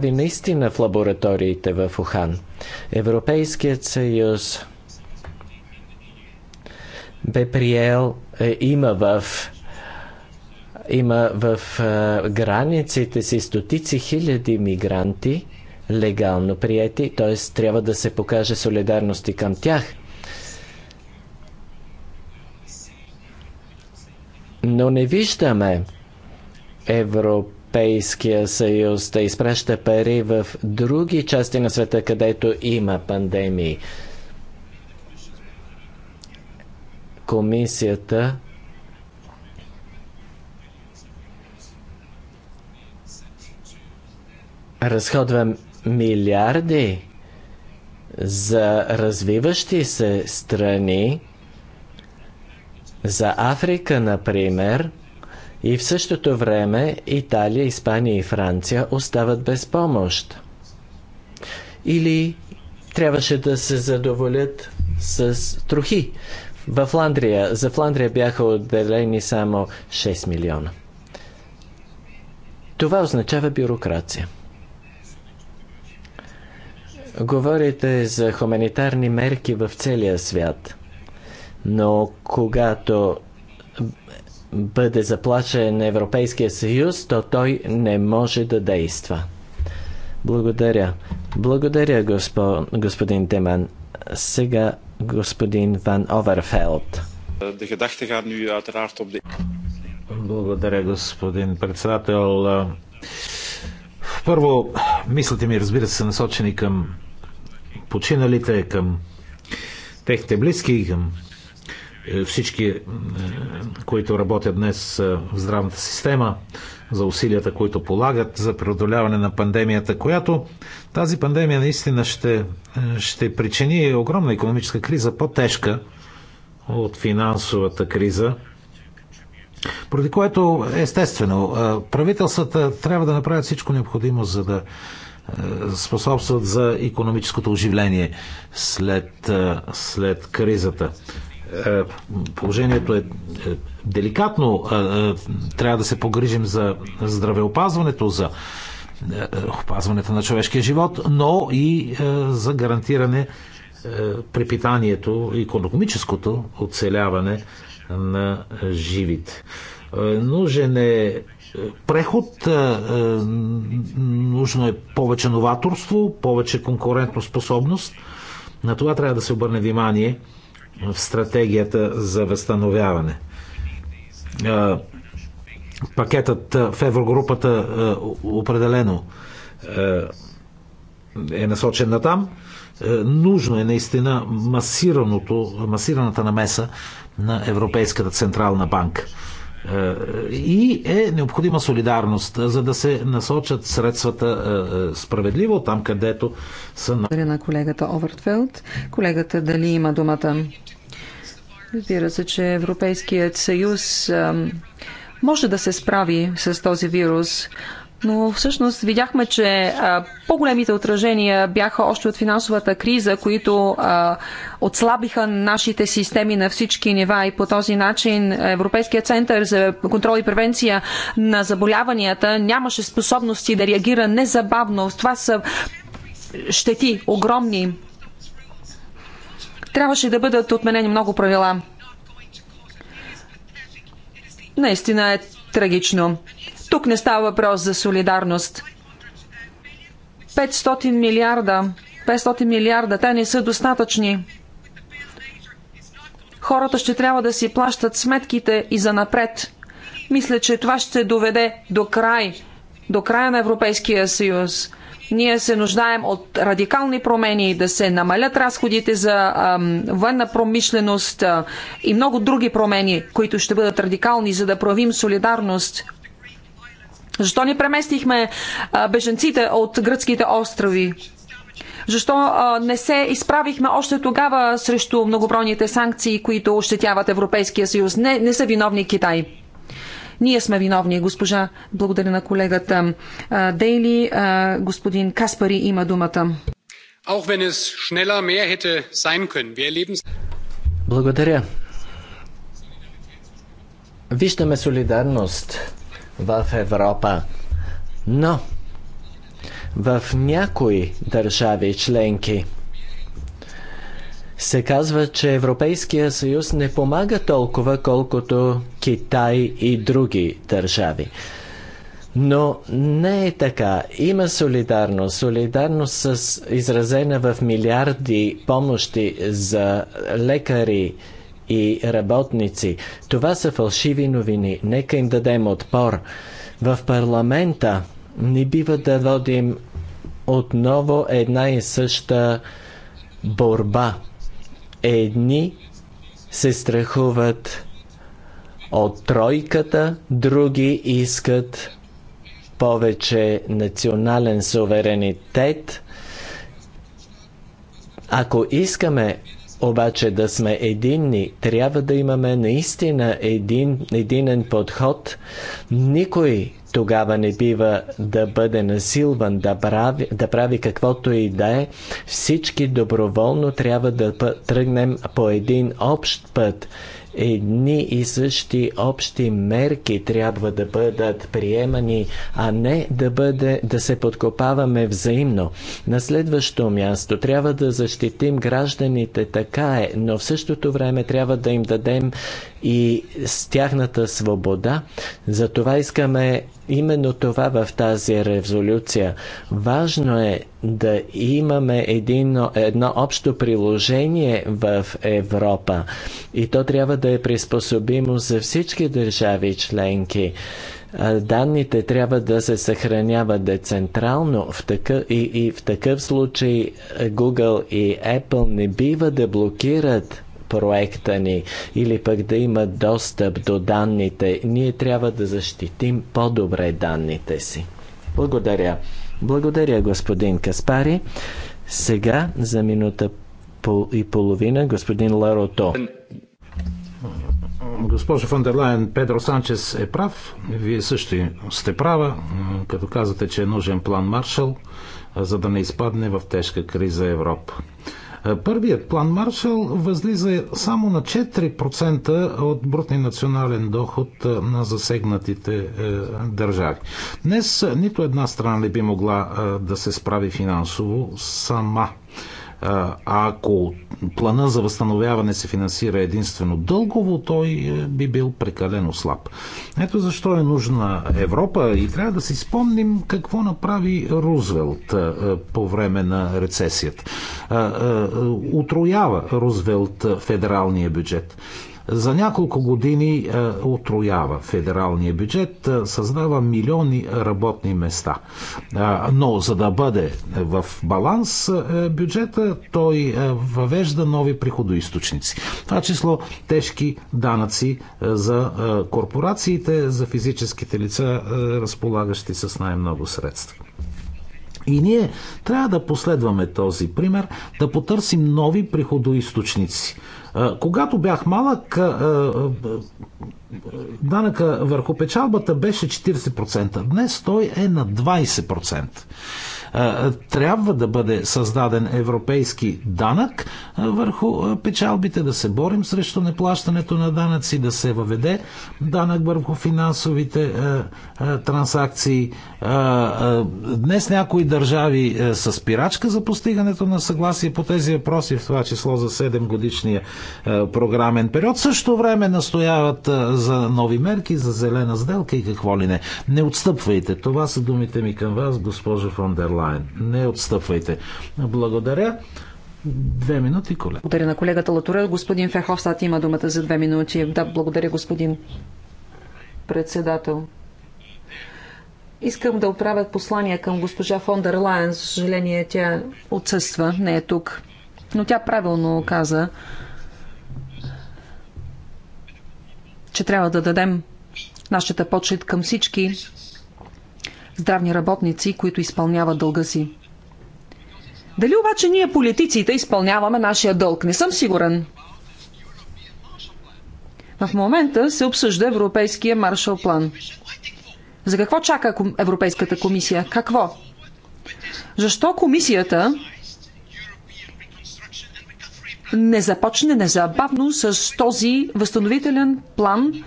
прави наистина в лабораториите в Ухан. Европейският съюз бе приел, е, има в има в е, границите си стотици хиляди мигранти, легално приети, т.е. трябва да се покаже солидарност и към тях. Но не виждаме Европа Европейския съюз да изпраща пари в други части на света, където има пандемии. Комисията разходва милиарди за развиващи се страни, за Африка, например – и в същото време Италия, Испания и Франция остават без помощ. Или трябваше да се задоволят с трохи. В Фландрия, за Фландрия бяха отделени само 6 милиона. Това означава бюрокрация. Говорите за хуманитарни мерки в целия свят, но когато бъде заплашен Европейския съюз, то той не може да действа. Благодаря. Благодаря, госпо, господин Деман. Сега господин Ван Оверфелд. Благодаря, господин председател. Първо, мислите ми, разбира се, са насочени към починалите, към техните близки, към всички, е, които работят днес е, в здравната система, за усилията, които полагат за преодоляване на пандемията, която тази пандемия наистина ще, е, ще причини огромна економическа криза, по-тежка от финансовата криза. Поради което, естествено, правителствата трябва да направят всичко необходимо, за да способстват за економическото оживление след, след кризата. Е, положението е, е деликатно. Е, трябва да се погрижим за здравеопазването, за опазването на човешкия живот, но и за гарантиране препитанието, економическото оцеляване на живите. Нужен е преход, нужно е повече новаторство, повече конкурентоспособност. На това трябва да се обърне внимание – в стратегията за възстановяване. Пакетът в Еврогрупата определено е насочен на там. Нужно е наистина масираното, масираната намеса на Европейската Централна банка. Е, и е необходима солидарност, за да се насочат средствата е, е, справедливо там, където са. Благодаря на колегата Овертфелд. Колегата дали има думата? Разбира се, че Европейският съюз може да се справи с този вирус, но всъщност видяхме, че по-големите отражения бяха още от финансовата криза, които а, отслабиха нашите системи на всички нива и по този начин Европейския център за контрол и превенция на заболяванията нямаше способности да реагира незабавно. Това са щети огромни. Трябваше да бъдат отменени много правила. Наистина е трагично. Тук не става въпрос за солидарност. 500 милиарда, 500 милиарда, те не са достатъчни. Хората ще трябва да си плащат сметките и за напред. Мисля, че това ще доведе до край, до края на Европейския съюз. Ние се нуждаем от радикални промени, да се намалят разходите за ам, военна промишленост а, и много други промени, които ще бъдат радикални, за да проявим солидарност защо не преместихме беженците от гръцките острови? Защо не се изправихме още тогава срещу многобройните санкции, които ощетяват Европейския съюз? Не, не са виновни Китай. Ние сме виновни, госпожа. Благодаря на колегата Дейли. Господин Каспари има думата. Благодаря. Виждаме солидарност в Европа. Но в някои държави членки се казва, че Европейския съюз не помага толкова, колкото Китай и други държави. Но не е така. Има солидарност. Солидарност с изразена в милиарди помощи за лекари, и работници. Това са фалшиви новини. Нека им дадем отпор. В парламента не бива да водим отново една и съща борба. Едни се страхуват от тройката, други искат повече национален суверенитет. Ако искаме обаче да сме единни. Трябва да имаме наистина един, единен подход. Никой тогава не бива да бъде насилван, да прави, да прави каквото и да е. Всички доброволно трябва да тръгнем по един общ път едни и същи общи мерки трябва да бъдат приемани, а не да, бъде, да се подкопаваме взаимно. На следващо място трябва да защитим гражданите, така е, но в същото време трябва да им дадем и с тяхната свобода. Затова искаме именно това в тази резолюция. Важно е да имаме едно, едно общо приложение в Европа и то трябва да е приспособимо за всички държави членки данните трябва да се съхраняват децентрално в такъв, и, и в такъв случай Google и Apple не бива да блокират проекта ни или пък да има достъп до данните, ние трябва да защитим по-добре данните си. Благодаря. Благодаря, господин Каспари. Сега за минута и половина господин Ларото. Госпожо Фандерлайн, Педро Санчес е прав. Вие също сте права, като казвате, че е нужен план Маршал, за да не изпадне в тежка криза Европа. Първият план Маршал възлиза само на 4% от брутния национален доход на засегнатите е, държави. Днес нито една страна не би могла да се справи финансово сама ако плана за възстановяване се финансира единствено дългово, той е, би бил прекалено слаб. Ето защо е нужна Европа и трябва да си спомним какво направи Рузвелт по време на рецесията. Утроява Рузвелт федералния бюджет. За няколко години е, отроява федералния бюджет, е, създава милиони работни места. Е, но за да бъде в баланс бюджета, той въвежда нови приходоисточници. Това число тежки данъци за корпорациите, за физическите лица, разполагащи с най-много средства. И ние трябва да последваме този пример, да потърсим нови приходоисточници когато бях малък, данъка върху печалбата беше 40%. Днес той е на 20%. Трябва да бъде създаден европейски данък върху печалбите, да се борим срещу неплащането на данъци, да се въведе данък върху финансовите транзакции. Днес някои държави са спирачка за постигането на съгласие по тези въпроси, в това число за 7 годишния програмен период. Също време настояват за нови мерки, за зелена сделка и какво ли не. Не отстъпвайте. Това са думите ми към вас, госпожо фон Лайен. Не отстъпвайте. Благодаря. Две минути, колега. Благодаря на колегата Латура. Господин Феховстат има думата за две минути. Да, благодаря, господин председател. Искам да отправя послание към госпожа Фондер Лайен. За съжаление, тя отсъства, не е тук. Но тя правилно каза, че трябва да дадем нашата почет към всички здравни работници, които изпълняват дълга си. Дали обаче ние политиците изпълняваме нашия дълг? Не съм сигурен. В момента се обсъжда Европейския маршал план. За какво чака Европейската комисия? Какво? Защо комисията не започне незабавно с този възстановителен план,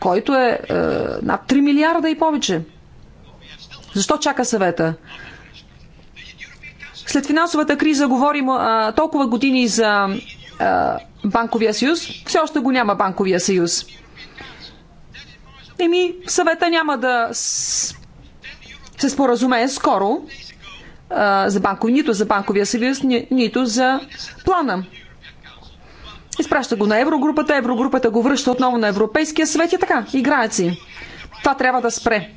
който е, е над 3 милиарда и повече? Защо чака съвета? След финансовата криза говорим а, толкова години за а, банковия съюз. Все още го няма банковия съюз. Еми, съвета няма да се споразумее скоро а, за банков, нито за банковия съюз, ни, нито за плана. Изпраща го на Еврогрупата, Еврогрупата го връща отново на Европейския съвет и така, играят си. Това трябва да спре.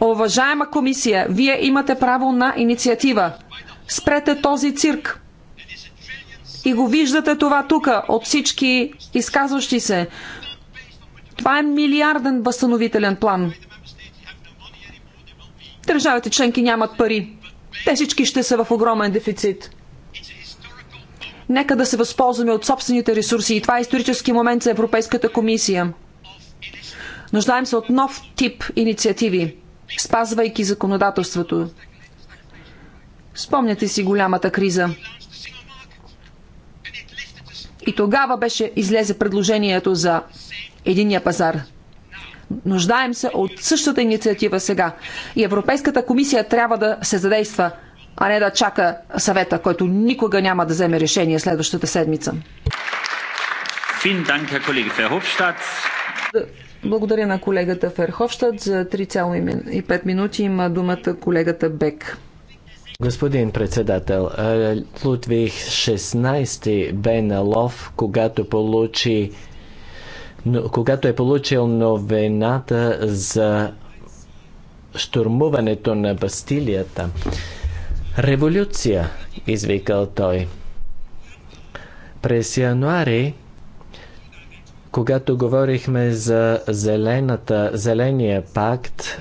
Уважаема комисия, вие имате право на инициатива. Спрете този цирк. И го виждате това тук от всички изказващи се. Това е милиарден възстановителен план. Държавите членки нямат пари. Те всички ще са в огромен дефицит. Нека да се възползваме от собствените ресурси и това е исторически момент за Европейската комисия. Нуждаем се от нов тип инициативи спазвайки законодателството. Спомняте си голямата криза. И тогава беше излезе предложението за единия пазар. Нуждаем се от същата инициатива сега. И Европейската комисия трябва да се задейства, а не да чака съвета, който никога няма да вземе решение следващата седмица. Благодаря на колегата Ферховщад. За 3,5 минути има думата колегата Бек. Господин председател, Лутвих 16 бе на лов, когато получи когато е получил новината за штурмуването на Бастилията. Революция, извикал той. През януари когато говорихме за зелената, зеления пакт, е,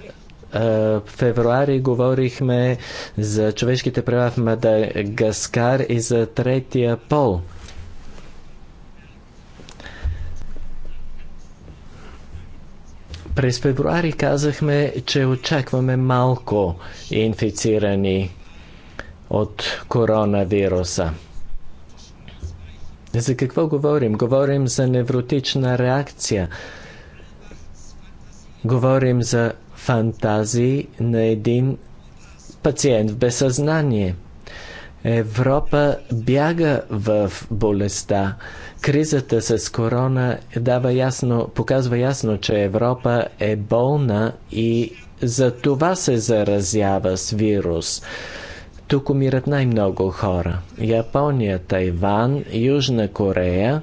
в февруари говорихме за човешките права в Мадагаскар и за третия пол. През февруари казахме, че очакваме малко инфицирани от коронавируса. За какво говорим? Говорим за невротична реакция. Говорим за фантазии на един пациент в безсъзнание. Европа бяга в болестта. Кризата с корона дава ясно, показва ясно, че Европа е болна и за това се заразява с вирус. Тук умират най-много хора. Япония, Тайван, Южна Корея.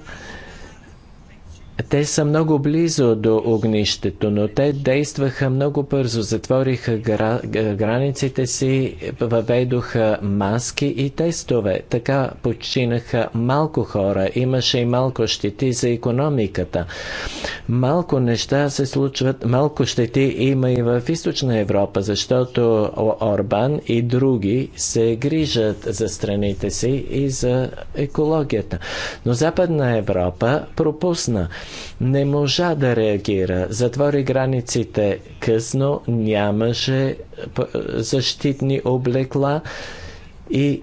Те са много близо до огнището, но те действаха много бързо, затвориха гра... границите си, въведоха маски и тестове. Така починаха малко хора, имаше и малко щети за економиката. Малко неща се случват, малко щети има и в източна Европа, защото Орбан и други се грижат за страните си и за екологията. Но Западна Европа пропусна. Не можа да реагира. Затвори границите късно, нямаше защитни облекла и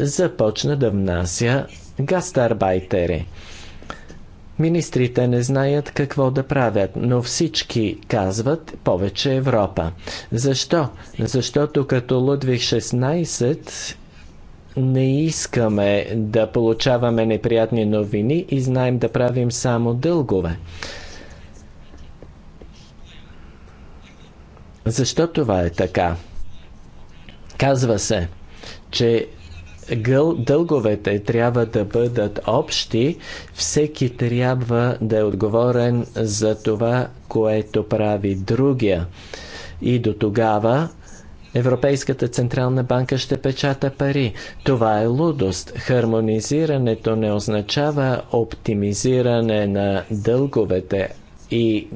започна да внася гастарбайтери. Министрите не знаят какво да правят, но всички казват повече Европа. Защо? Защото като Лудвиг 16 не искаме да получаваме неприятни новини и знаем да правим само дългове. Защо това е така? Казва се, че гъл, дълговете трябва да бъдат общи, всеки трябва да е отговорен за това, което прави другия. И до тогава Европейската Централна банка ще печата пари. Това е лудост. Хармонизирането не означава оптимизиране на дълговете, и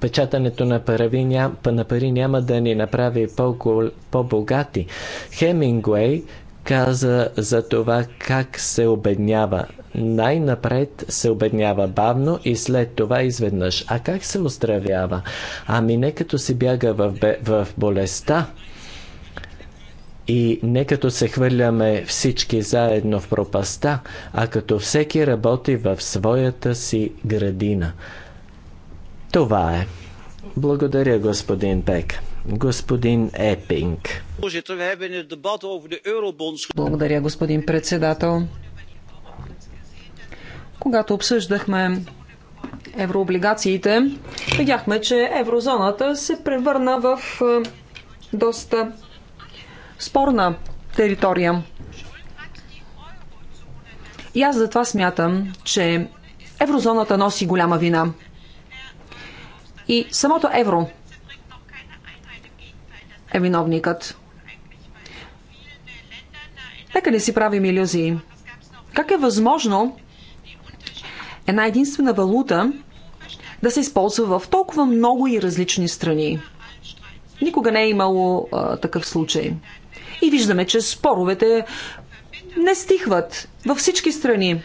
печатането на пари, на пари няма да ни направи по-богати. Хемингуей каза за това как се обеднява. Най-напред се обеднява бавно и след това изведнъж. А как се оздравява? Ами не като се бяга в, в болестта и не като се хвърляме всички заедно в пропаста, а като всеки работи в своята си градина. Това е. Благодаря, господин Пек. Господин Епинг. Благодаря, господин председател. Когато обсъждахме еврооблигациите, видяхме, че еврозоната се превърна в е, доста спорна територия. И аз затова смятам, че еврозоната носи голяма вина. И самото евро е виновникът. Нека не си правим иллюзии. Как е възможно една единствена валута да се използва в толкова много и различни страни? Никога не е имало а, такъв случай. И виждаме, че споровете не стихват във всички страни.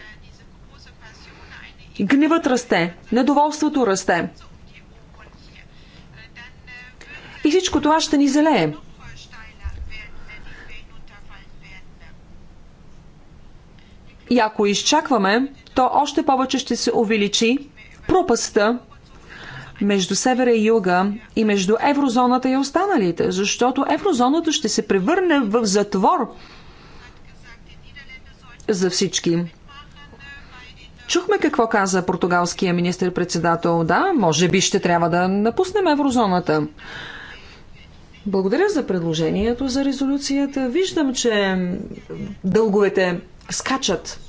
Гневът расте, недоволството расте. И всичко това ще ни залее. И ако изчакваме, то още повече ще се увеличи пропаста между севера и юга и между еврозоната и останалите, защото еврозоната ще се превърне в затвор за всички. Чухме какво каза португалския министр-председател. Да, може би ще трябва да напуснем еврозоната. Благодаря за предложението за резолюцията. Виждам, че дълговете скачат.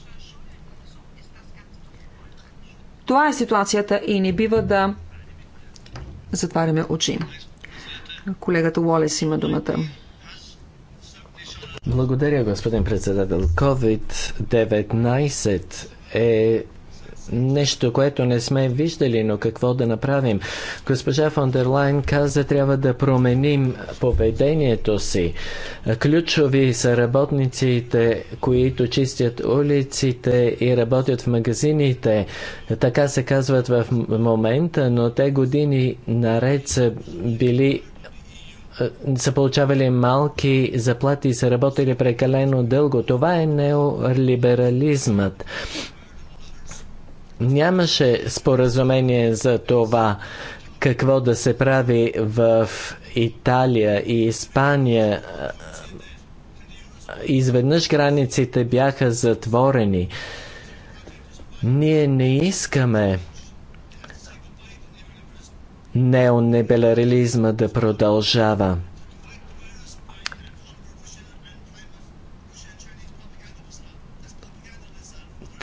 Това е ситуацията и не бива да затваряме очи. Колегата Уолес има думата. Благодаря, господин председател. COVID-19 е нещо, което не сме виждали, но какво да направим? Госпожа Фондерлайн каза, трябва да променим поведението си. Ключови са работниците, които чистят улиците и работят в магазините. Така се казват в момента, но те години наред са били е, са получавали малки заплати и са работили прекалено дълго. Това е неолиберализмът нямаше споразумение за това какво да се прави в Италия и Испания. Изведнъж границите бяха затворени. Ние не искаме неонебеларилизма да продължава.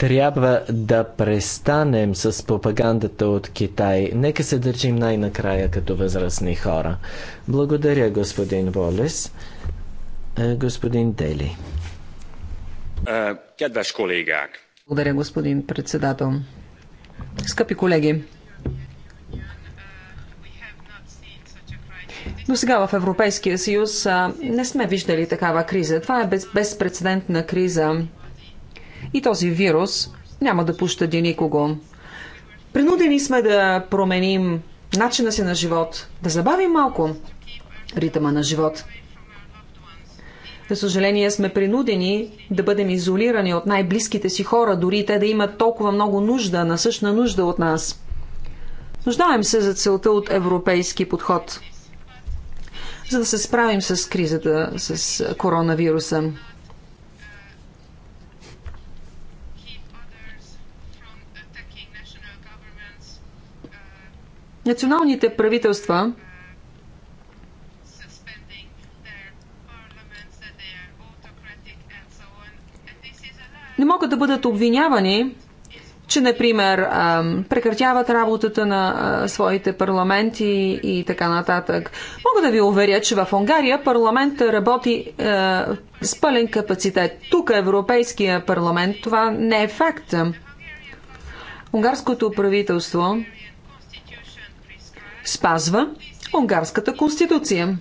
Трябва да престанем с пропагандата от Китай. Нека се държим най-накрая като възрастни хора. Благодаря, господин Волес. Е, господин Дели. Е, Благодаря, господин председател. Скъпи колеги, До сега в Европейския съюз а, не сме виждали такава криза. Това е без, безпредседентна криза и този вирус няма да пощади никого. Принудени сме да променим начина си на живот, да забавим малко ритъма на живот. За съжаление сме принудени да бъдем изолирани от най-близките си хора, дори те да имат толкова много нужда, насъщна нужда от нас. Нуждаем се за целта от европейски подход, за да се справим с кризата с коронавируса. националните правителства не могат да бъдат обвинявани, че, например, прекратяват работата на своите парламенти и така нататък. Мога да ви уверя, че в Унгария парламент работи е, с пълен капацитет. Тук Европейския парламент това не е факт. Унгарското правителство спазва унгарската конституция.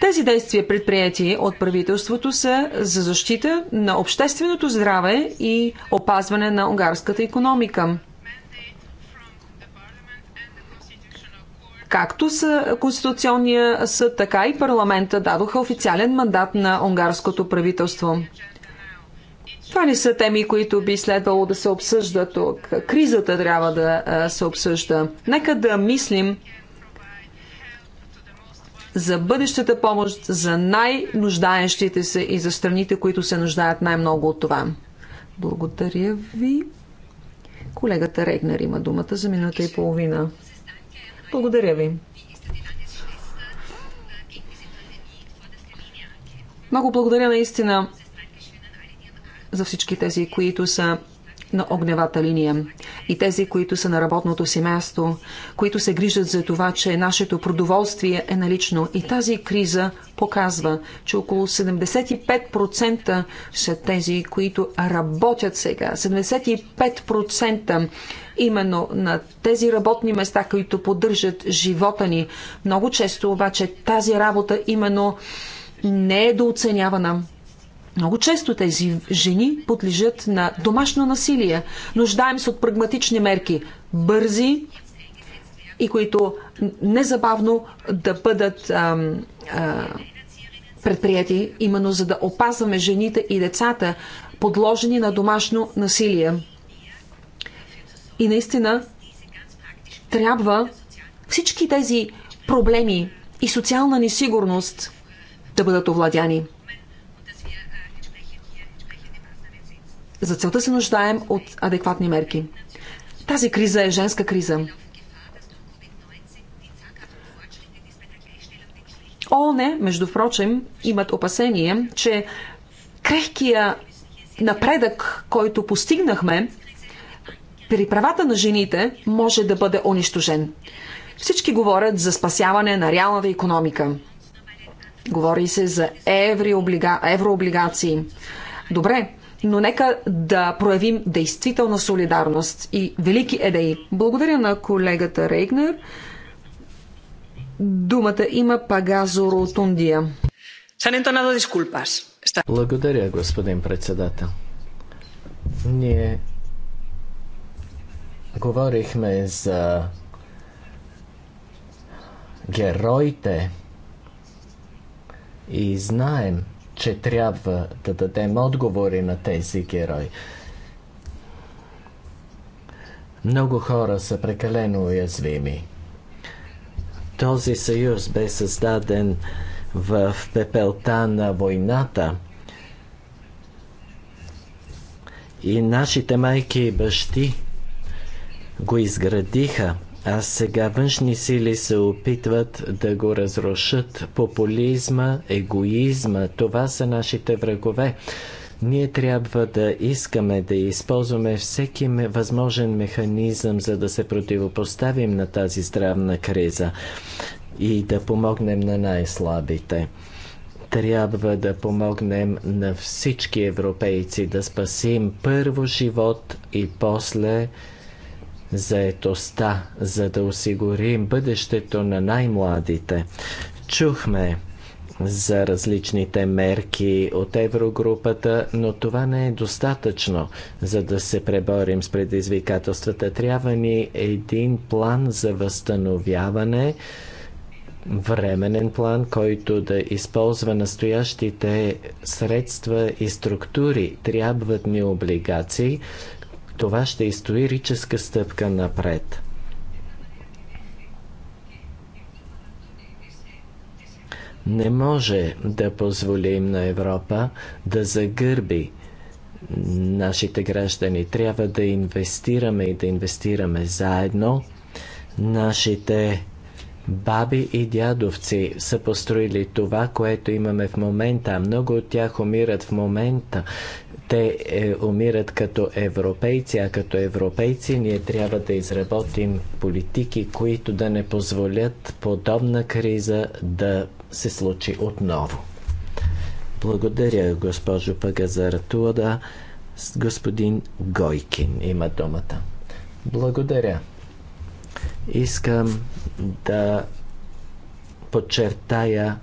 Тези действия, предприяти от правителството, са за защита на общественото здраве и опазване на унгарската економика. Както са Конституционния съд, така и парламента дадоха официален мандат на унгарското правителство. Това не са теми, които би следвало да се обсъждат тук. Кризата трябва да се обсъжда. Нека да мислим за бъдещата помощ, за най-нуждаещите се и за страните, които се нуждаят най-много от това. Благодаря ви. Колегата Регнер има думата за минута и половина. Благодаря ви. Много благодаря наистина за всички тези, които са на огневата линия и тези, които са на работното си място, които се грижат за това, че нашето продоволствие е налично. И тази криза показва, че около 75% са тези, които работят сега. 75% именно на тези работни места, които поддържат живота ни. Много често обаче тази работа именно не е дооценявана много често тези жени подлежат на домашно насилие. Нуждаем се от прагматични мерки, бързи и които незабавно да бъдат ам, а, предприяти, именно за да опазваме жените и децата, подложени на домашно насилие. И наистина трябва всички тези проблеми и социална несигурност да бъдат овладяни. За целта се нуждаем от адекватни мерки. Тази криза е женска криза. ООН, между прочим, имат опасение, че крехкия напредък, който постигнахме при правата на жените, може да бъде унищожен. Всички говорят за спасяване на реалната економика. Говори се за еврооблига... еврооблигации. Добре, но нека да проявим действителна солидарност и велики едеи. Благодаря на колегата Рейгнер. Думата има Пагазо Ротундия. Благодаря, господин председател. Ние говорихме за героите и знаем, че трябва да дадем отговори на тези герои. Много хора са прекалено уязвими. Този съюз бе създаден в пепелта на войната и нашите майки и бащи го изградиха – а сега външни сили се опитват да го разрушат. Популизма, егоизма, това са нашите врагове. Ние трябва да искаме да използваме всеки възможен механизъм, за да се противопоставим на тази здравна криза и да помогнем на най-слабите. Трябва да помогнем на всички европейци да спасим първо живот и после заетостта, за да осигурим бъдещето на най-младите. Чухме за различните мерки от еврогрупата, но това не е достатъчно. За да се преборим с предизвикателствата, трябва ни един план за възстановяване, временен план, който да използва настоящите средства и структури. Трябват ни облигации, това ще е историческа стъпка напред. Не може да позволим на Европа да загърби нашите граждани. Трябва да инвестираме и да инвестираме заедно. Нашите баби и дядовци са построили това, което имаме в момента. Много от тях умират в момента те е, умират като европейци, а като европейци ние трябва да изработим политики, които да не позволят подобна криза да се случи отново. Благодаря, госпожо Пагазаратуада. Господин Гойкин има думата. Благодаря. Искам да подчертая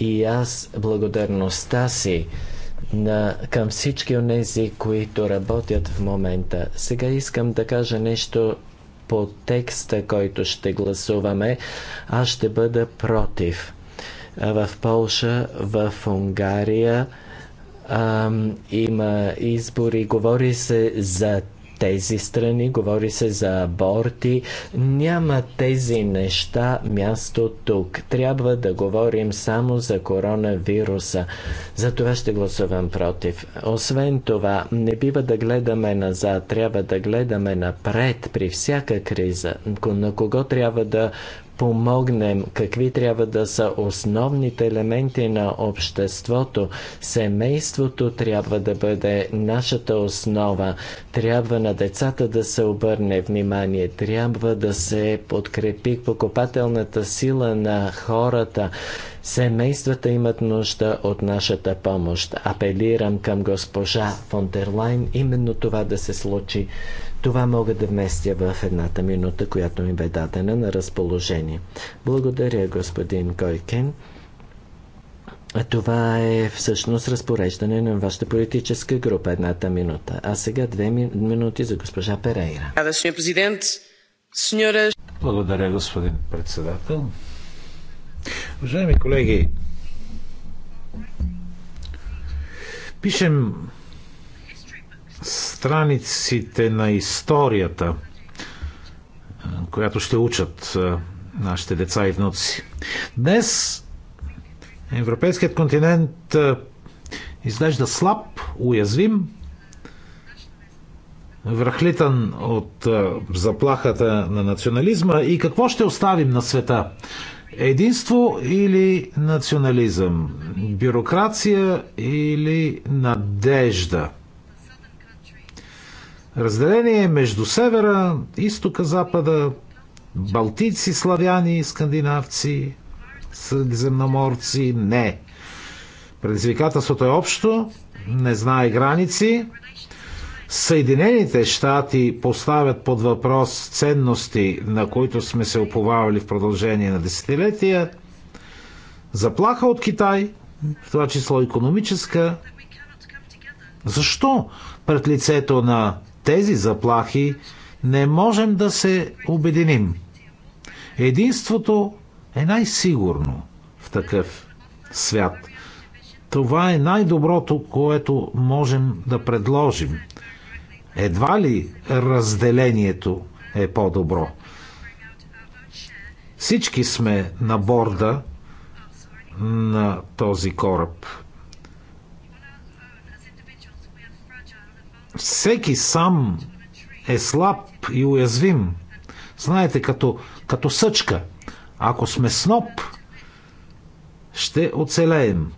и аз благодарността си на, към всички тези, които работят в момента. Сега искам да кажа нещо по текста, който ще гласуваме. Аз ще бъда против. В Полша, в Унгария ам, има избори. Говори се за тези страни, говори се за аборти. Няма тези неща място тук. Трябва да говорим само за коронавируса. За това ще гласувам против. Освен това, не бива да гледаме назад, трябва да гледаме напред при всяка криза. На кого трябва да помогнем, какви трябва да са основните елементи на обществото. Семейството трябва да бъде нашата основа. Трябва на децата да се обърне внимание. Трябва да се подкрепи покупателната сила на хората. Семействата имат нужда от нашата помощ. Апелирам към госпожа Фондерлайн именно това да се случи. Това мога да вместя в едната минута, която ми бе дадена на разположение. Благодаря, господин Койкен. Това е всъщност разпореждане на вашата политическа група едната минута. А сега две минути за госпожа Перейра. Благодаря, господин председател. Уважаеми колеги, пишем страниците на историята, която ще учат нашите деца и внуци. Днес европейският континент изглежда слаб, уязвим, връхлитан от заплахата на национализма и какво ще оставим на света? Единство или национализъм? Бюрокрация или надежда? разделение между севера, изтока, запада, балтийци, славяни, скандинавци, средиземноморци. Не. Предизвикателството е общо, не знае граници. Съединените щати поставят под въпрос ценности, на които сме се оповавали в продължение на десетилетия. Заплаха от Китай, в това число економическа. Защо пред лицето на тези заплахи не можем да се обединим. Единството е най-сигурно в такъв свят. Това е най-доброто, което можем да предложим. Едва ли разделението е по-добро. Всички сме на борда на този кораб. всеки сам е слаб и уязвим. Знаете, като, като съчка. Ако сме сноп, ще оцелеем.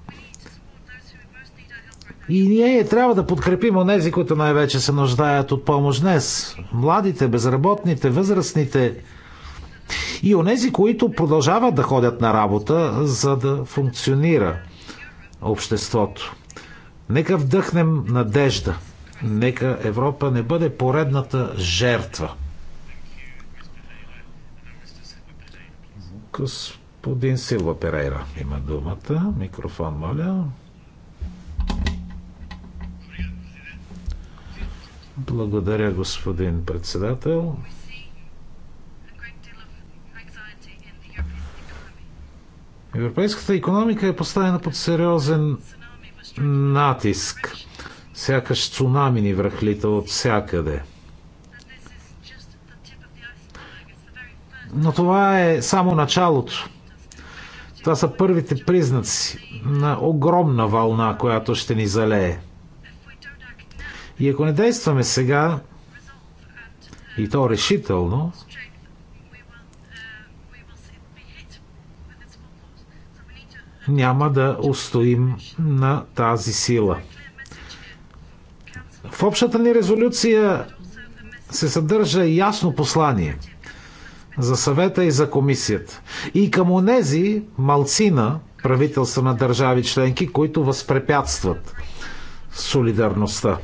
И ние трябва да подкрепим онези, които най-вече се нуждаят от помощ днес. Младите, безработните, възрастните и онези, които продължават да ходят на работа, за да функционира обществото. Нека вдъхнем надежда – Нека Европа не бъде поредната жертва. Господин Силва Перейра има думата. Микрофон, моля. Благодаря, господин председател. Европейската економика е поставена под сериозен натиск. Сякаш цунами ни връхлита от всякъде. Но това е само началото. Това са първите признаци на огромна вълна, която ще ни залее. И ако не действаме сега, и то решително, няма да устоим на тази сила. В общата ни резолюция се съдържа ясно послание за съвета и за комисията. И към онези малцина правителства на държави членки, които възпрепятстват солидарността.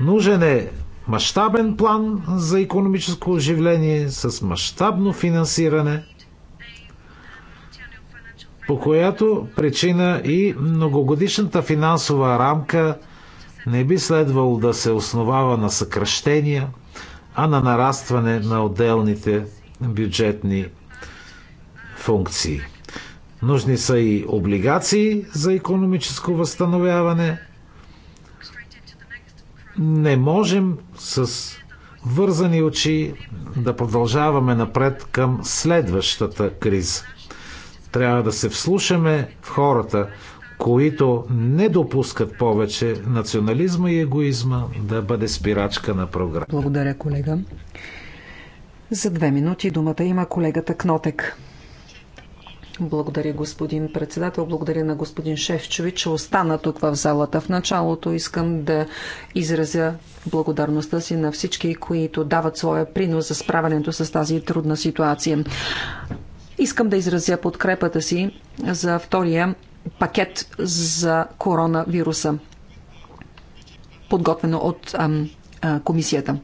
Нужен е мащабен план за економическо оживление с мащабно финансиране, по която причина и многогодишната финансова рамка – не би следвало да се основава на съкръщения, а на нарастване на отделните бюджетни функции. Нужни са и облигации за економическо възстановяване. Не можем с вързани очи да продължаваме напред към следващата криза. Трябва да се вслушаме в хората, които не допускат повече национализма и егоизма да бъде спирачка на програма. Благодаря, колега. За две минути думата има колегата Кнотек. Благодаря, господин председател. Благодаря на господин Шефчович, че остана тук в залата. В началото искам да изразя благодарността си на всички, които дават своя принос за справянето с тази трудна ситуация. Искам да изразя подкрепата си за втория пакет за коронавируса, подготвено от ам, а, комисията.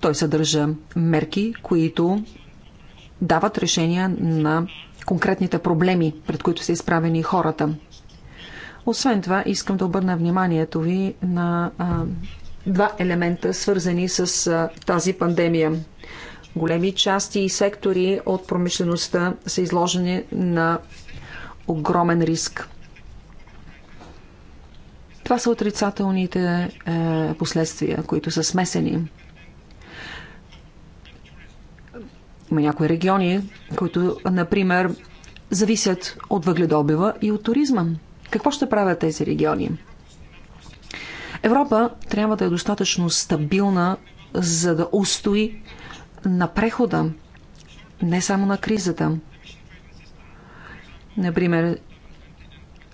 Той съдържа мерки, които дават решения на конкретните проблеми, пред които са изправени хората. Освен това, искам да обърна вниманието ви на а, два елемента, свързани с а, тази пандемия. Големи части и сектори от промишлеността са изложени на огромен риск. Това са отрицателните е, последствия, които са смесени. Има някои региони, които, например, зависят от въгледобива и от туризма. Какво ще правят тези региони? Европа трябва да е достатъчно стабилна, за да устои на прехода, не само на кризата. Например,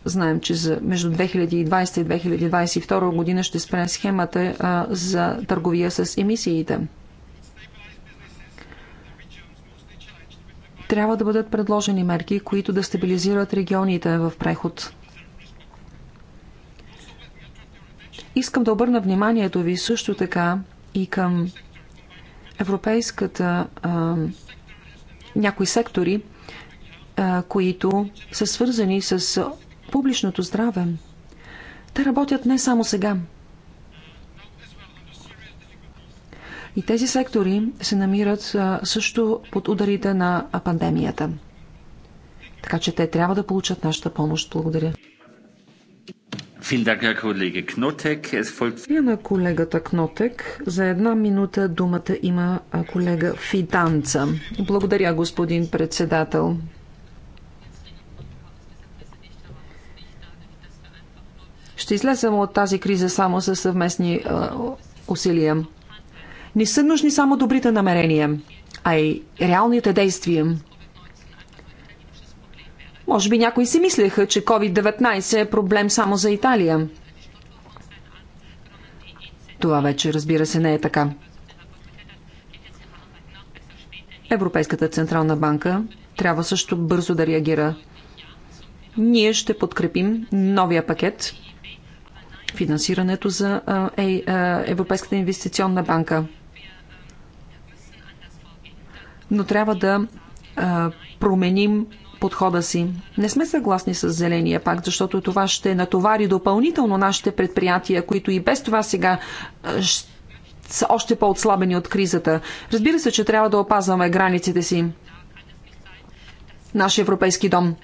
знаем, че за между 2020 и 2022 година ще спре схемата а, за търговия с емисиите. Трябва да бъдат предложени мерки, които да стабилизират регионите в преход. Искам да обърна вниманието ви също така и към европейската а, някои сектори, а, които са свързани с публичното здраве. Те работят не само сега. И тези сектори се намират а, също под ударите на пандемията. Така че те трябва да получат нашата помощ. Благодаря. Благодаря на колегата Кнотек. За една минута думата има колега Фиданца. Благодаря, господин председател. Ще излезем от тази криза само със съвместни а, усилия. Не са нужни само добрите намерения, а и реалните действия. Може би някои си мислеха, че COVID-19 е проблем само за Италия. Това вече, разбира се, не е така. Европейската Централна банка трябва също бързо да реагира. Ние ще подкрепим новия пакет финансирането за е, Европейската инвестиционна банка. Но трябва да променим подхода си. Не сме съгласни с Зеления пакт, защото това ще натовари допълнително нашите предприятия, които и без това сега са още по-отслабени от кризата. Разбира се, че трябва да опазваме границите си. Нашия европейски дом.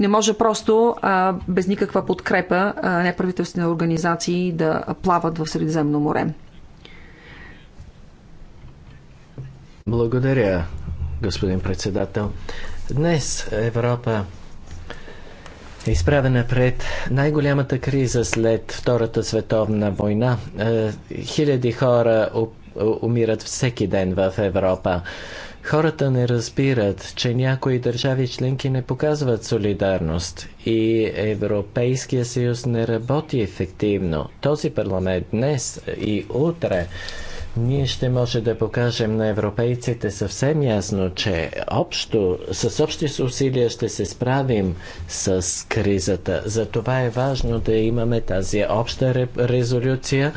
Не може просто а, без никаква подкрепа а, неправителствени организации да плават в Средиземно море. Благодаря, господин председател. Днес Европа е изправена пред най-голямата криза след Втората световна война. Е, хиляди хора умират всеки ден в Европа. Хората не разбират, че някои държави членки не показват солидарност и Европейския съюз не работи ефективно. Този парламент днес и утре ние ще може да покажем на европейците съвсем ясно, че общо, с общи усилия ще се справим с кризата. Затова е важно да имаме тази обща резолюция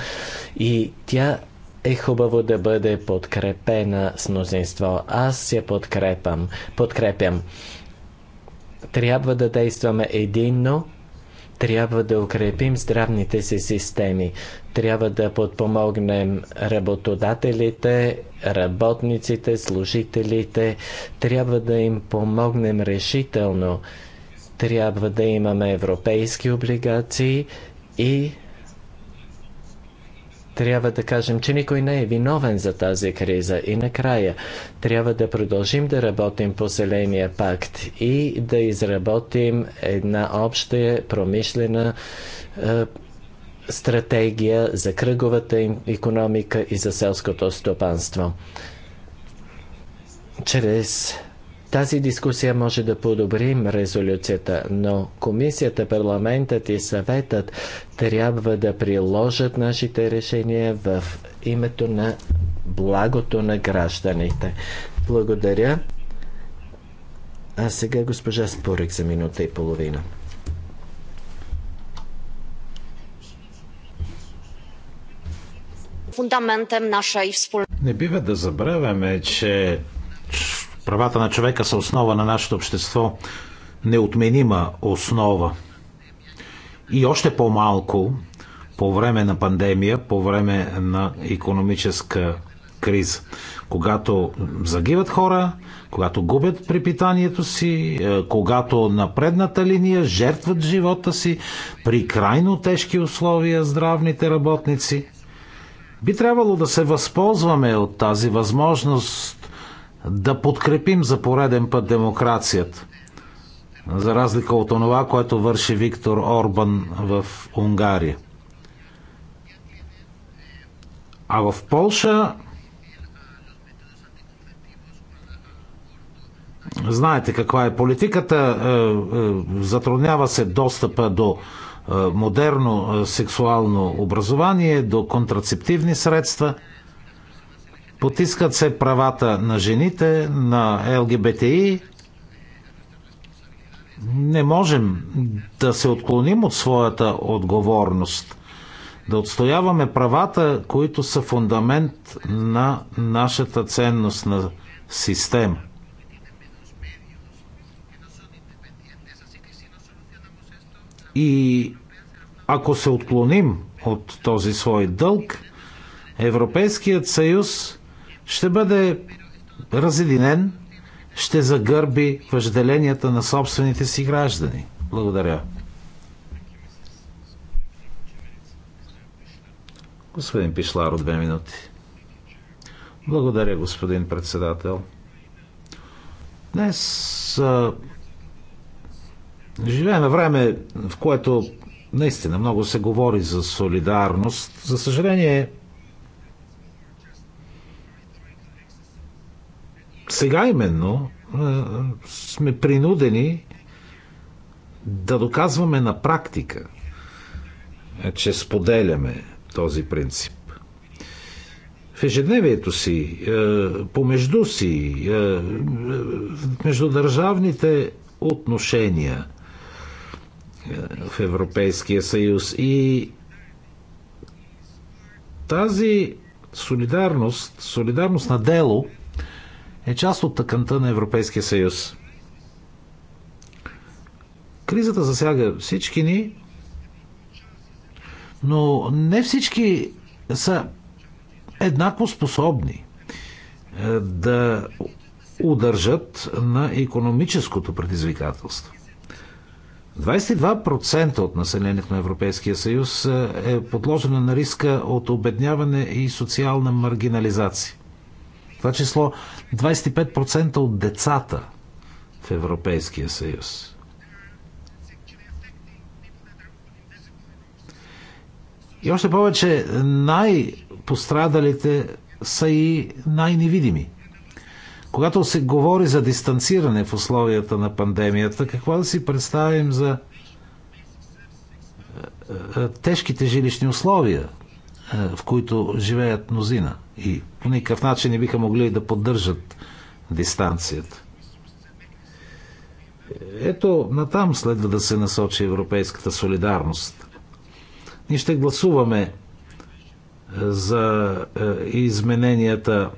и тя е хубаво да бъде подкрепена с мнозинство. Аз я Подкрепям. Трябва да действаме единно трябва да укрепим здравните си системи. Трябва да подпомогнем работодателите, работниците, служителите. Трябва да им помогнем решително. Трябва да имаме европейски облигации и трябва да кажем, че никой не е виновен за тази криза. И накрая трябва да продължим да работим по Зеления пакт и да изработим една обща промишлена е, стратегия за кръговата економика и за селското стопанство. Чрез тази дискусия може да подобрим резолюцията, но комисията, парламентът и съветът трябва да приложат нашите решения в името на благото на гражданите. Благодаря. А сега госпожа Спорик за минута и половина. Не бива да забравяме, че Правата на човека са основа на нашето общество, неотменима основа. И още по-малко по време на пандемия, по време на економическа криза. Когато загиват хора, когато губят припитанието си, е, когато на предната линия жертват живота си при крайно тежки условия здравните работници. Би трябвало да се възползваме от тази възможност да подкрепим за пореден път демокрацията. За разлика от онова, което върши Виктор Орбан в Унгария. А в Полша знаете каква е политиката. Е, е, затруднява се достъпа до е, модерно сексуално образование, до контрацептивни средства – Потискат се правата на жените, на ЛГБТИ. Не можем да се отклоним от своята отговорност. Да отстояваме правата, които са фундамент на нашата ценностна система. И ако се отклоним от този свой дълг, Европейският съюз ще бъде разединен, ще загърби въжделенията на собствените си граждани. Благодаря. Господин Пишларо, две минути. Благодаря, господин председател. Днес а, живеем време, в което наистина много се говори за солидарност. За съжаление, Сега именно сме принудени да доказваме на практика, е, че споделяме този принцип. В ежедневието си, е, помежду си, е, между държавните отношения в Европейския съюз и тази солидарност, солидарност на дело – е част от тъканта на Европейския съюз. Кризата засяга всички ни, но не всички са еднакво способни е, да удържат на економическото предизвикателство. 22% от населението на Европейския съюз е, е подложено на риска от обедняване и социална маргинализация това число 25% от децата в Европейския съюз. И още повече най-пострадалите са и най-невидими. Когато се говори за дистанциране в условията на пандемията, какво да си представим за е, е, тежките жилищни условия е, в които живеят мнозина и по никакъв начин не биха могли да поддържат дистанцията. Ето, натам следва да се насочи европейската солидарност. Ние ще гласуваме е, за е, измененията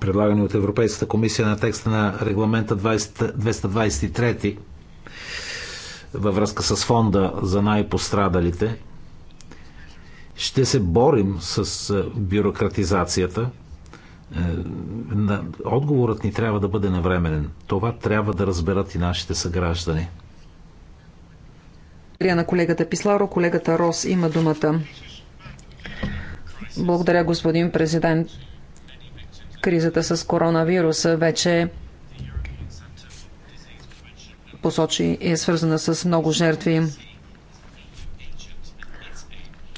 предлагани от Европейската комисия на текста на регламента 20, 223 във връзка с фонда за най-пострадалите – ще се борим с е, бюрократизацията. Е, отговорът ни трябва да бъде навременен. Това трябва да разберат и нашите съграждани. Благодаря на колегата Писларо. Колегата Рос има думата. Благодаря, господин президент. Кризата с коронавируса вече посочи и е свързана с много жертви.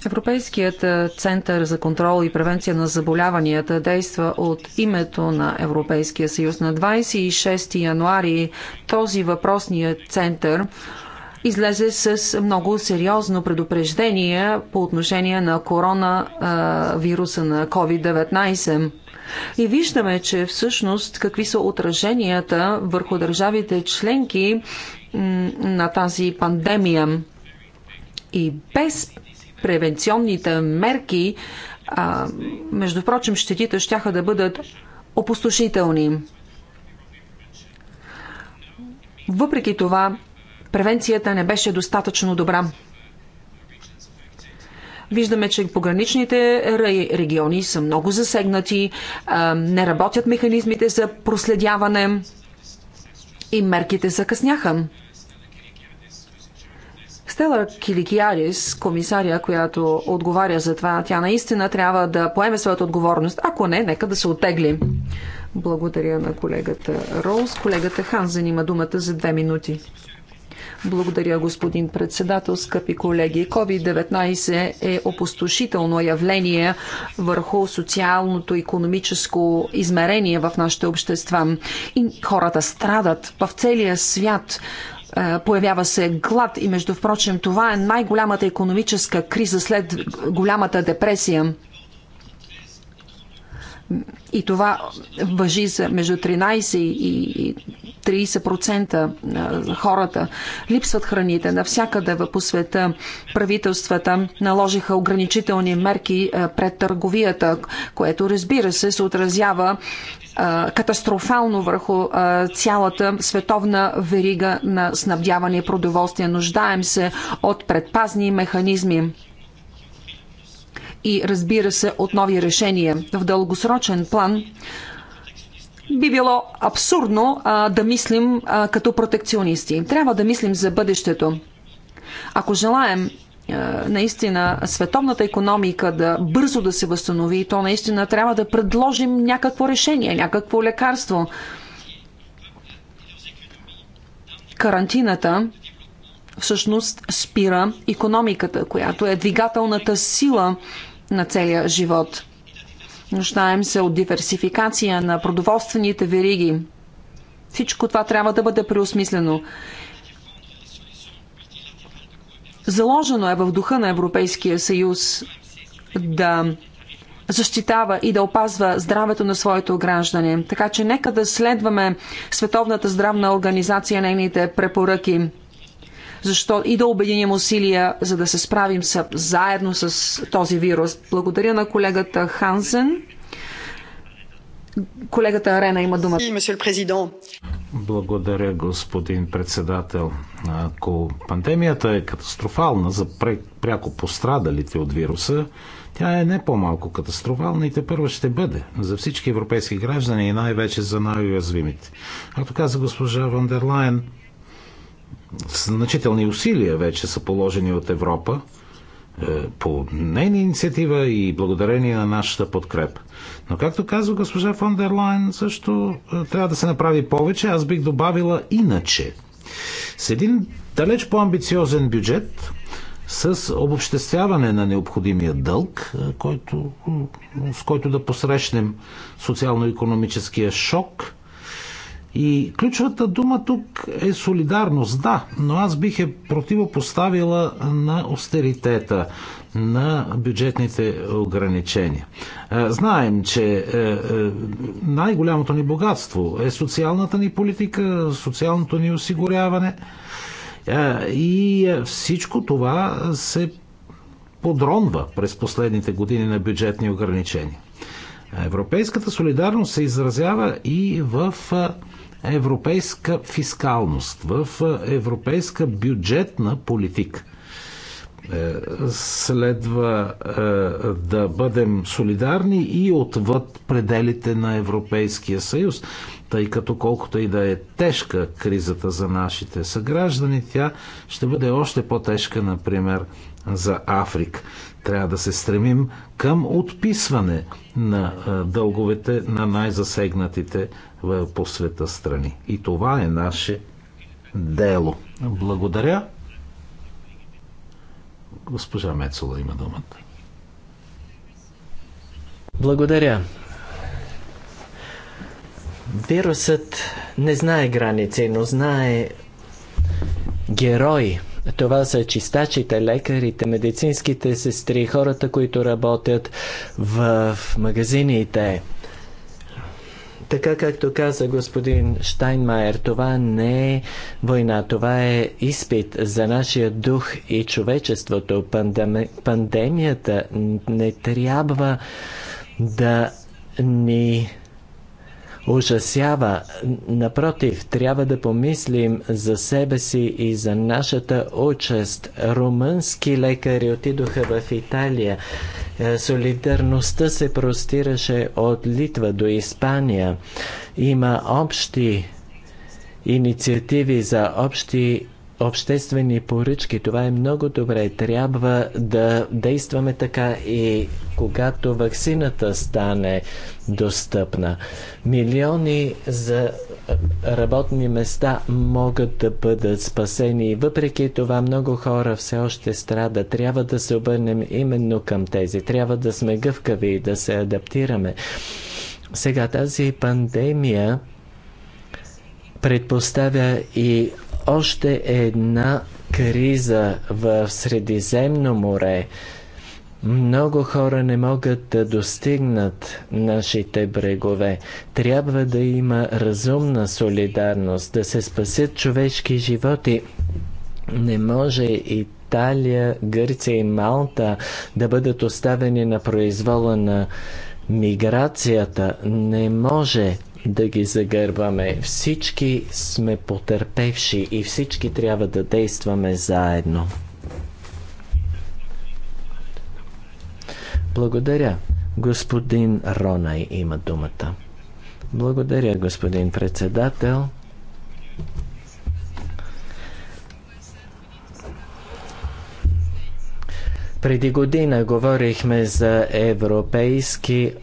Европейският е, център за контрол и превенция на заболяванията действа от името на Европейския съюз. На 26 януари този въпросният център излезе с много сериозно предупреждение по отношение на коронавируса е, на COVID-19. И виждаме, че всъщност какви са отраженията върху държавите членки на тази пандемия. И без превенционните мерки, а, между прочим, щетите ще да бъдат опустошителни. Въпреки това, превенцията не беше достатъчно добра. Виждаме, че пограничните региони са много засегнати, не работят механизмите за проследяване и мерките закъсняха. Стела Киликиарис, комисария, която отговаря за това, тя наистина трябва да поеме своята отговорност. Ако не, нека да се отегли. Благодаря на колегата Роуз. Колегата Ханзен има думата за две минути. Благодаря, господин председател, скъпи колеги. COVID-19 е опустошително явление върху социалното и економическо измерение в нашите общества. И хората страдат в целия свят е, появява се глад и между впрочем това е най-голямата економическа криза след голямата депресия. И това въжи за между 13 и 30% хората. Липсват храните навсякъде по света. Правителствата наложиха ограничителни мерки пред търговията, което разбира се се отразява катастрофално върху цялата световна верига на снабдяване и продоволствие. Нуждаем се от предпазни механизми и разбира се от нови решения в дългосрочен план, би било абсурдно а, да мислим а, като протекционисти. Трябва да мислим за бъдещето. Ако желаем наистина световната економика да бързо да се възстанови, то наистина трябва да предложим някакво решение, някакво лекарство. Карантината всъщност спира економиката, която е двигателната сила на целия живот. Нуждаем се от диверсификация на продоволствените вериги. Всичко това трябва да бъде преосмислено. Заложено е в духа на Европейския съюз да защитава и да опазва здравето на своето граждане. Така че нека да следваме Световната здравна организация, нейните препоръки защо и да обединим усилия, за да се справим с, заедно с този вирус. Благодаря на колегата Хансен. Колегата Арена има думата. Благодаря, господин председател. Ако пандемията е катастрофална за пряко пострадалите от вируса, тя е не по-малко катастрофална и те първа ще бъде за всички европейски граждани и най-вече за най-уязвимите. Както каза госпожа Вандерлайн, Значителни усилия вече са положени от Европа е, по нейна инициатива и благодарение на нашата подкрепа. Но както казва госпожа фон дер Лайн, също е, трябва да се направи повече. Аз бих добавила иначе. С един далеч по-амбициозен бюджет, с обобществяване на необходимия дълг, е, който, с който да посрещнем социално-економическия шок, и ключовата дума тук е солидарност, да, но аз бих е противопоставила на остеритета на бюджетните ограничения. Е, знаем, че е, е, най-голямото ни богатство е социалната ни политика, социалното ни осигуряване и всичко това се подронва през последните години на бюджетни ограничения. Европейската солидарност се изразява и в европейска фискалност, в европейска бюджетна политика. Е, следва е, да бъдем солидарни и отвъд пределите на Европейския съюз, тъй като колкото и да е тежка кризата за нашите съграждани, тя ще бъде още по-тежка, например, за Африка. Трябва да се стремим към отписване на дълговете на най-засегнатите по света страни. И това е наше дело. Благодаря. Госпожа Мецола има думата. Благодаря. Вирусът не знае граници, но знае герои. Това са чистачите, лекарите, медицинските сестри, хората, които работят в, магазините. Така както каза господин Штайнмайер, това не е война, това е изпит за нашия дух и човечеството. Пандеми... Пандемията не трябва да ни ужасява. Напротив, трябва да помислим за себе си и за нашата участ. Румънски лекари отидоха в Италия. Е, солидарността се простираше от Литва до Испания. Има общи инициативи за общи обществени поръчки. Това е много добре. Трябва да действаме така и когато ваксината стане достъпна. Милиони за работни места могат да бъдат спасени. Въпреки това много хора все още страдат. Трябва да се обърнем именно към тези. Трябва да сме гъвкави и да се адаптираме. Сега тази пандемия предпоставя и още една криза в Средиземно море. Много хора не могат да достигнат нашите брегове. Трябва да има разумна солидарност, да се спасят човешки животи. Не може и Италия, Гърция и Малта да бъдат оставени на произвола на миграцията. Не може да ги загърбаме. Всички сме потерпевши и всички трябва да действаме заедно. Благодаря. Господин Ронай има думата. Благодаря, господин председател. Преди година говорихме за европейски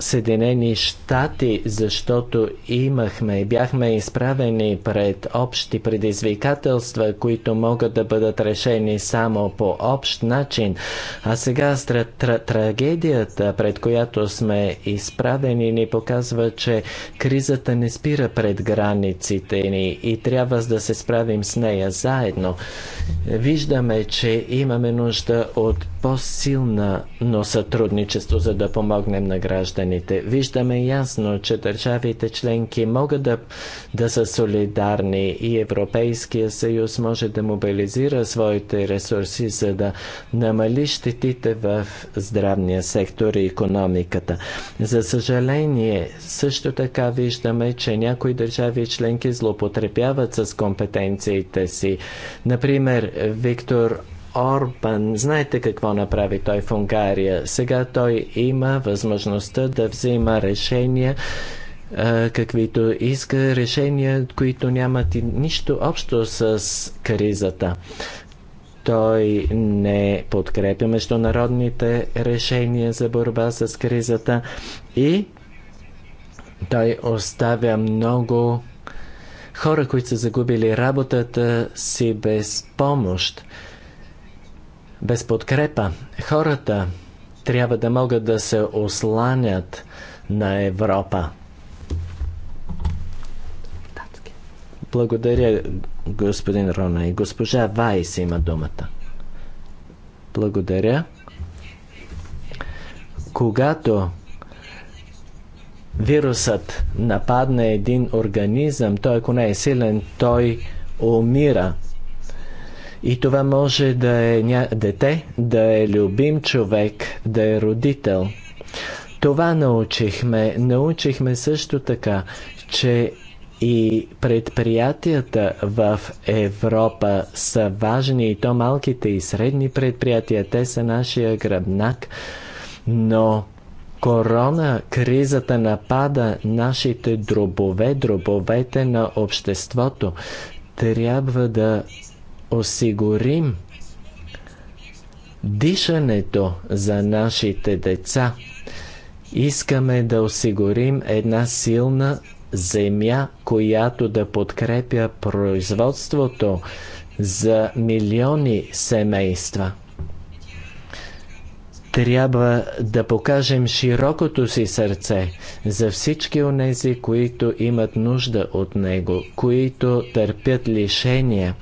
Съединени щати, защото имахме и бяхме изправени пред общи предизвикателства, които могат да бъдат решени само по общ начин. А сега трагедията, пред която сме изправени, ни показва, че кризата не спира пред границите ни и трябва да се справим с нея заедно. Виждаме, че имаме нужда от по-силно сътрудничество, за да помогнем на гражданите промените. Виждаме ясно, че държавите членки могат да, да са солидарни и Европейския съюз може да мобилизира своите ресурси, за да намали щетите в здравния сектор и економиката. За съжаление, също така виждаме, че някои държави членки злоупотребяват с компетенциите си. Например, Виктор Орбан, знаете какво направи той в Унгария? Сега той има възможността да взима решения, каквито иска, решения, които нямат нищо общо с кризата. Той не подкрепя международните решения за борба с кризата и той оставя много хора, които са загубили работата си без помощ без подкрепа. Хората трябва да могат да се осланят на Европа. Благодаря, господин Рона. И госпожа Вайс има думата. Благодаря. Когато вирусът нападне един организъм, той ако не е силен, той умира. И това може да е ня... дете, да е любим човек, да е родител. Това научихме. Научихме също така, че и предприятията в Европа са важни и то малките и средни предприятия, те са нашия гръбнак, но корона кризата напада нашите дробове, дробовете на обществото. Трябва да осигурим дишането за нашите деца. Искаме да осигурим една силна земя, която да подкрепя производството за милиони семейства. Трябва да покажем широкото си сърце за всички онези, които имат нужда от него, които търпят лишения.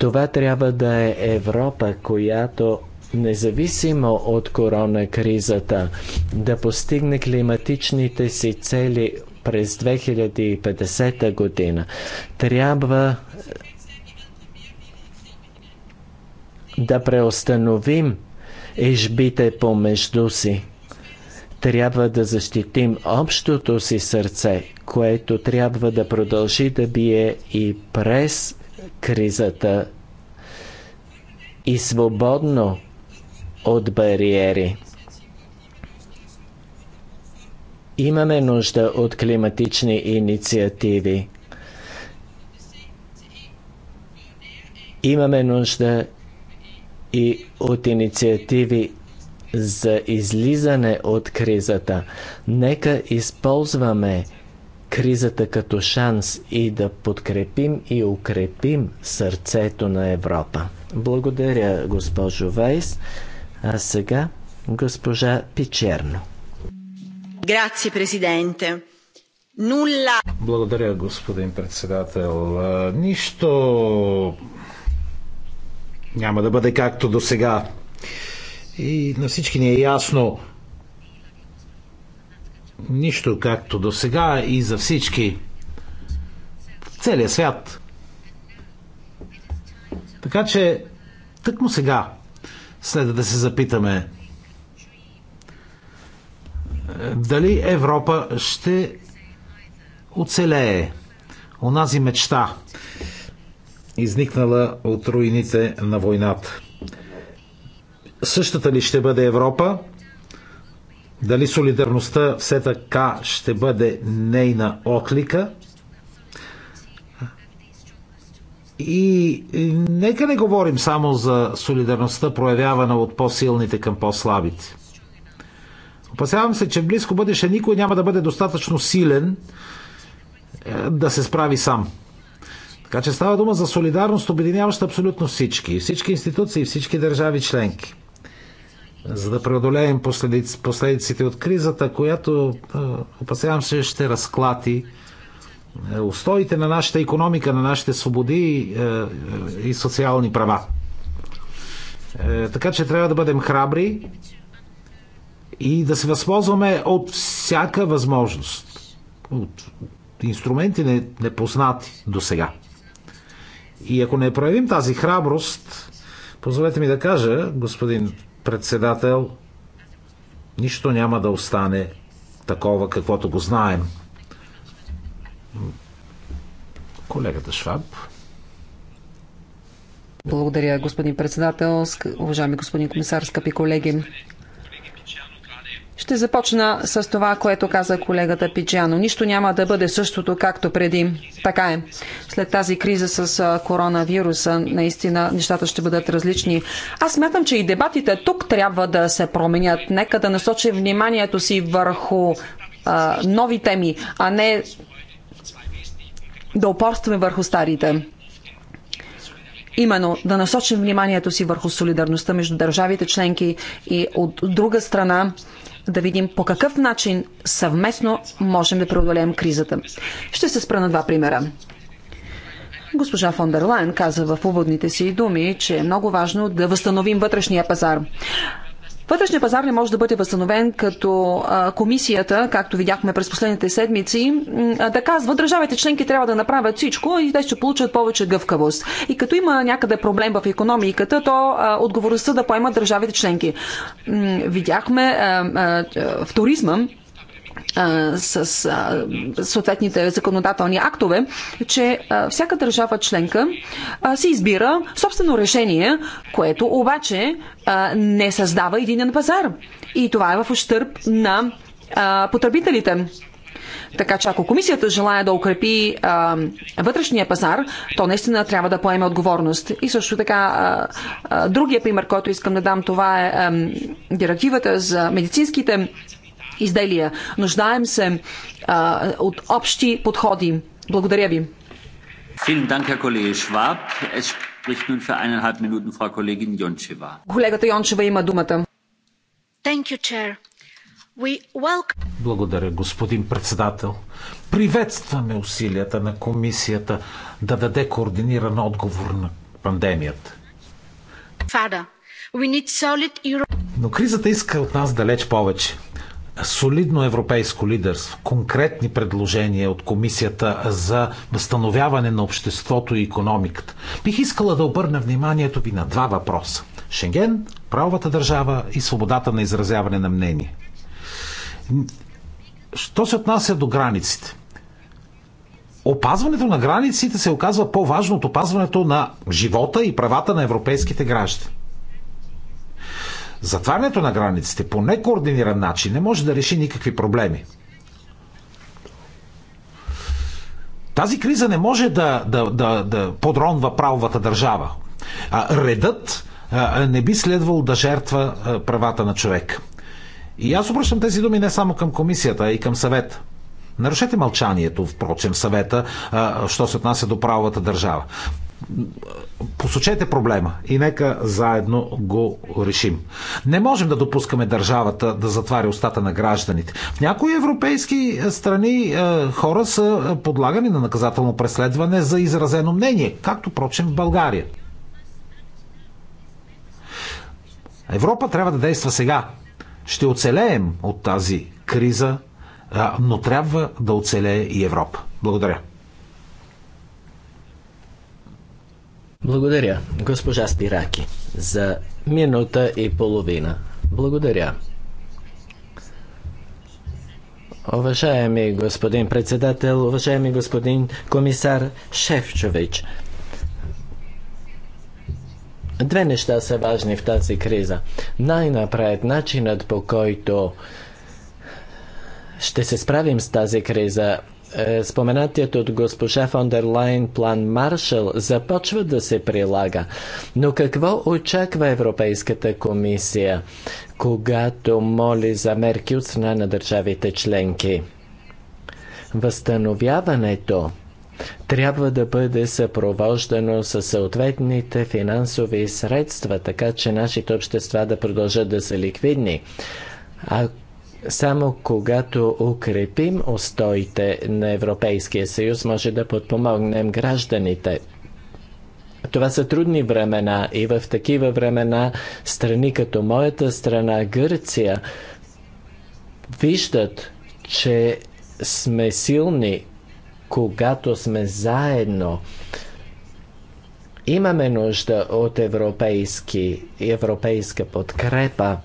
Това трябва да е Европа, която независимо от корона кризата, да постигне климатичните си цели през 2050 година. Трябва е, да преустановим ежбите помежду си. Трябва да защитим общото си сърце, което трябва да продължи да бие и през кризата и свободно от бариери. Имаме нужда от климатични инициативи. Имаме нужда и от инициативи за излизане от кризата. Нека използваме кризата като шанс и да подкрепим и укрепим сърцето на Европа. Благодаря, госпожо Вайс. А сега госпожа Пичерно. Грация, президенте. Нула. Благодаря, господин председател. Нищо няма да бъде както до сега. И на всички ни е ясно, нищо както до сега и за всички в целия свят. Така че, тъкмо сега следва да се запитаме дали Европа ще оцелее онази мечта, изникнала от руините на войната. Същата ли ще бъде Европа, дали солидарността все така ще бъде нейна отлика? И нека не говорим само за солидарността, проявявана от по-силните към по-слабите. Опасявам се, че в близко бъдеще никой няма да бъде достатъчно силен е, да се справи сам. Така че става дума за солидарност, обединяваща абсолютно всички. Всички институции, всички държави членки за да преодолеем последиците от кризата, която, опасявам се, ще разклати е, устоите на нашата економика, на нашите свободи е, е, и социални права. Така че трябва да бъдем храбри и да се възползваме от всяка възможност, от инструменти непознати до сега. И ако не проявим тази храброст, позволете ми да кажа, господин председател, нищо няма да остане такова, каквото го знаем. Колегата Шваб. Благодаря, господин председател, уважаеми господин комисар, скъпи колеги. Ще започна с това, което каза колегата Пиджано. Нищо няма да бъде същото, както преди. Така е. След тази криза с коронавируса, наистина нещата ще бъдат различни. Аз смятам, че и дебатите тук трябва да се променят. Нека да насочим вниманието си върху а, нови теми, а не да опорстваме върху старите. Именно да насочим вниманието си върху солидарността между държавите членки и от друга страна да видим по какъв начин съвместно можем да преодолеем кризата. Ще се спра на два примера. Госпожа фон дер Лайн каза в уводните си думи, че е много важно да възстановим вътрешния пазар. Вътрешният пазар не може да бъде възстановен, като комисията, както видяхме през последните седмици, да казва, държавите членки трябва да направят всичко и те ще получат повече гъвкавост. И като има някъде проблем в економиката, то отговорността да поемат държавите членки. Видяхме в туризма, с а, съответните законодателни актове, че а, всяка държава членка а, си избира собствено решение, което обаче а, не създава единен пазар. И това е в ущърп на а, потребителите. Така че ако комисията желая да укрепи а, вътрешния пазар, то наистина трябва да поеме отговорност. И също така, а, а, другия пример, който искам да дам, това е а, директивата за медицинските изделия. Нуждаем се а, от общи подходи. Благодаря ви. Колегата Йончева има думата. Благодаря, господин председател. Приветстваме усилията на комисията да даде координиран отговор на пандемията. Но кризата иска от нас далеч повече солидно европейско лидерство, конкретни предложения от комисията за възстановяване на обществото и економиката, бих искала да обърна вниманието ви на два въпроса. Шенген, правовата държава и свободата на изразяване на мнение. Що се отнася до границите? Опазването на границите се оказва по-важно от опазването на живота и правата на европейските граждани. Затварянето на границите по некоординиран начин не може да реши никакви проблеми. Тази криза не може да, да, да, да подронва правовата държава. А, редът не би следвал да жертва правата на човек. И аз обръщам тези думи не само към комисията, а и към съвет. Нарушете мълчанието, впрочем, съвета, що се отнася до правовата държава посочете проблема и нека заедно го решим. Не можем да допускаме държавата да затваря устата на гражданите. В някои европейски е, страни е, хора са е, подлагани на наказателно преследване за изразено мнение, както прочим в България. Европа трябва да действа сега. Ще оцелеем от тази криза, но трябва да оцелее и Европа. Благодаря. Благодаря, госпожа Спираки, за минута и половина. Благодаря. Уважаеми господин председател, уважаеми господин комисар Шефчович, две неща са важни в тази криза. Най-напред начинът по който ще се справим с тази криза е, споменатият от госпожа Фондерлайн план Маршал започва да се прилага. Но какво очаква Европейската комисия, когато моли за мерки от страна на държавите членки? Възстановяването трябва да бъде съпровождано със съответните финансови средства, така че нашите общества да продължат да са ликвидни. Ако само когато укрепим устоите на Европейския съюз, може да подпомогнем гражданите. Това са трудни времена и в такива времена страни като моята страна Гърция виждат, че сме силни, когато сме заедно. Имаме нужда от европейски, европейска подкрепа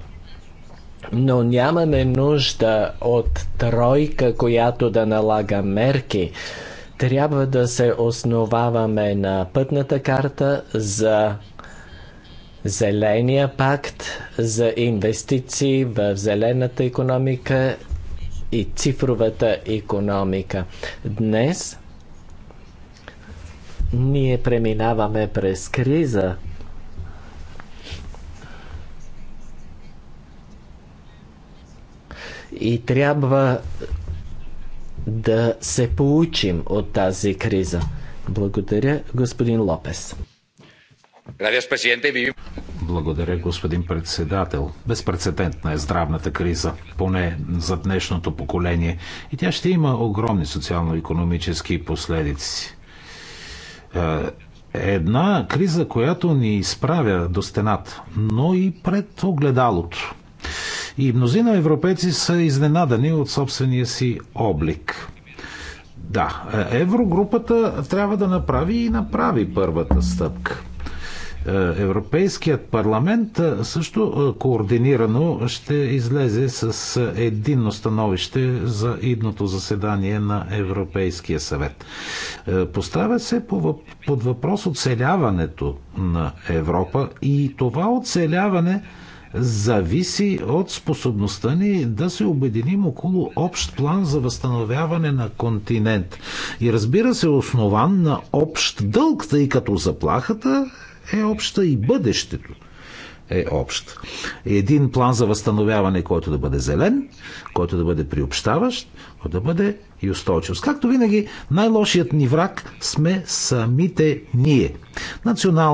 но нямаме нужда от тройка, която да налага мерки. Трябва да се основаваме на пътната карта за Зеления пакт, за инвестиции в зелената економика и цифровата економика. Днес ние преминаваме през криза, и трябва да се получим от тази криза. Благодаря, господин Лопес. Благодаря, господин председател. Безпредседентна е здравната криза, поне за днешното поколение. И тя ще има огромни социално-економически последици. Е, една криза, която ни изправя до стената, но и пред огледалото и мнозина европейци са изненадани от собствения си облик. Да, е, еврогрупата трябва да направи и направи първата стъпка. Е, Европейският парламент е, също координирано ще излезе с единно становище за идното заседание на Европейския съвет. Поставя се под въпрос оцеляването на Европа и това оцеляване зависи от способността ни да се обединим около общ план за възстановяване на континент. И разбира се, основан на общ дълг, тъй като заплахата е обща и бъдещето е общ. Един план за възстановяване, който да бъде зелен, който да бъде приобщаващ, който да бъде и устойчивост. Както винаги, най-лошият ни враг сме самите ние. Национални